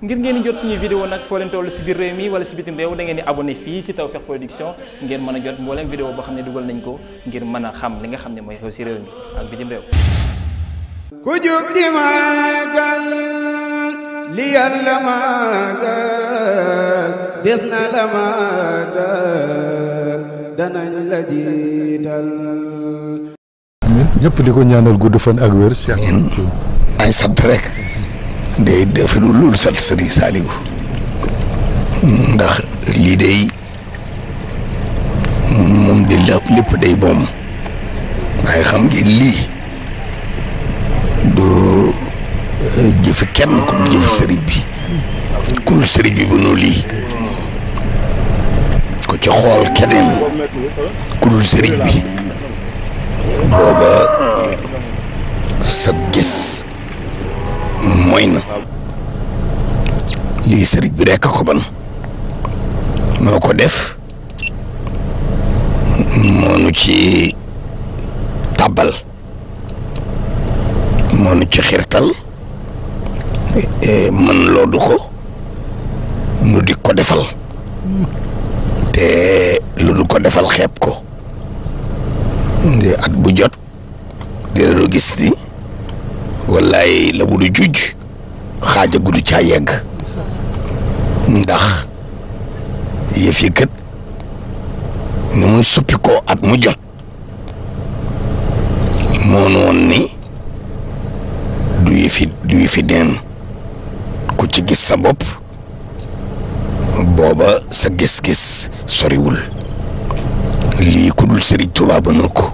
ngir ngeen jot suñuy vidéo nag foo leen toll si biir réew mi wala si bitim réew da ngeen di abonné fii si Tawfekh Production ngeen mën a jot mbooleem vidéo boo xam ne dugal nañ ko ngir mën a xam li nga xam ne mooy xew si réew mi ak bitim réew ku jóg di maagal li yàlla maagal des na la maagal danañ la jiital ñëpp di ko ñaanal gudd fan ak wér. maa ngi sant rek. day dafa du loolu sant sëriñ ndax lii day moom di la lépp day boom waaye xam ngeen lii du euh, jëfi kenn ku dul jëfi bi ku dul sëriñ bi mënoo lii ko ci xool keneen ku dul bi booba sa gis mooy na lii sëriñ bi rekk ko ban moo ko def moonu ci tàbbal nu ci xirtal e, mën du ko nu di ko defal te lu du ko defal xeeb ko at bu jot dina lu gis ni wallaay la bu du juj xaaja gudd caa yegg ndax yëf yi kët ni muy suppi koo at mu jot moonu woon ni du yëfi du yëfi neen ku ci gis sa bopp booba sa gis-gis soriwul lii ku dul Sëriñ Tuubaa ba noo ko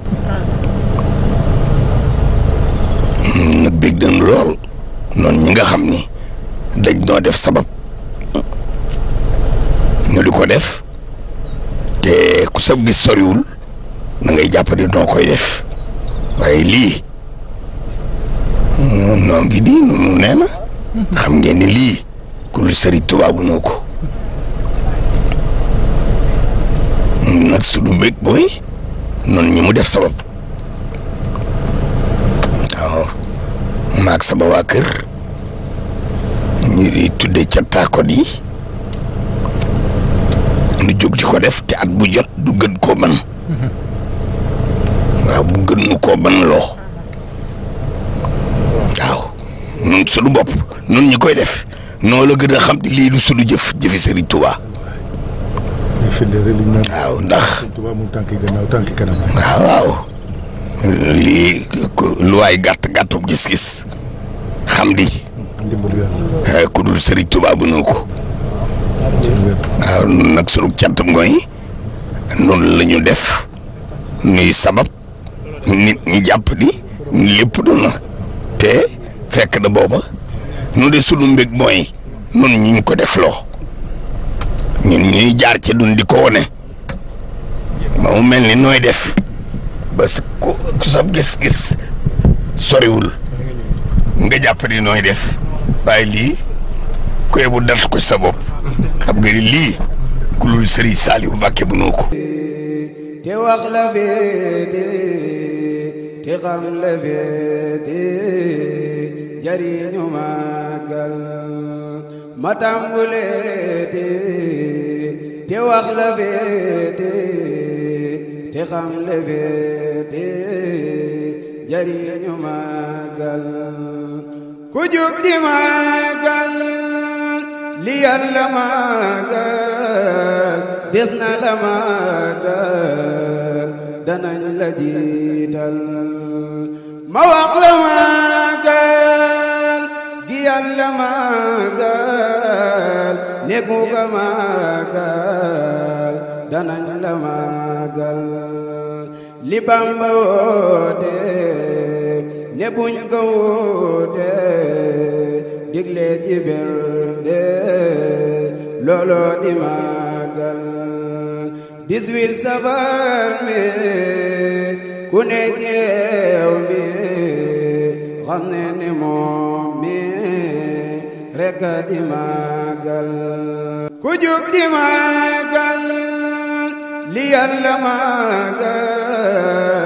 nag bég dañ lool noonu ñi nga xam ni dañ noo def sabab ñu di ko def te ku sab gis soriwul na ngay jàpp di noo koy def waaye lii noo ngi di noonu nee na xam ngeen ni lii ku lu sëriñ tubaabu noo ko nag su du mbég booy noonu ñi mu def sabab ak sama waa kër ñu di tudde ca taakon yi lu jóg di ko def te at bu jot du gën koo mën waaw bu gën nu koo mën loo waaw nun sunu bopp nun ñu koy def noo la gën a xam te lii du sunu jëf jëfi Serigne Touba waaw ndax waaw waaw lii lu waay gàtt gàttum gis-gis xam di eh, ku dul sëriñ Tuubaa bu nu ko waaw ah, nun nag sunu cant mooy noonu la ñu def nuy sabab ñi jàpp di lépp du na te fekk na booba nu de sunu mbég mooy nun ñi ñu ko defloo ñun ñuy jaar ci dun di ko wone ba mu mel ni nooy def ba sa ko gis-gis soriwul nga jàpp ni nooy def waaye lii ku yebu dal ko sa bopp xam nga ni lii ku lul sëriñ Saaliwu Mbàkke bu noo te wax la te xam la te jariñu màggal jóg di màggal li yàlla màggal des na la màggal danañ la ma wax la màggal gi yàlla màggal ne ku ko màggal danañ la màggal li Bamba woote ne buñ ko wuute digle ci bernde looloo di màggal dix-huit safar mi ku ne jeew mi xam ne ne moom mi rekk di màggal ku jug di màggal li yàlla màggal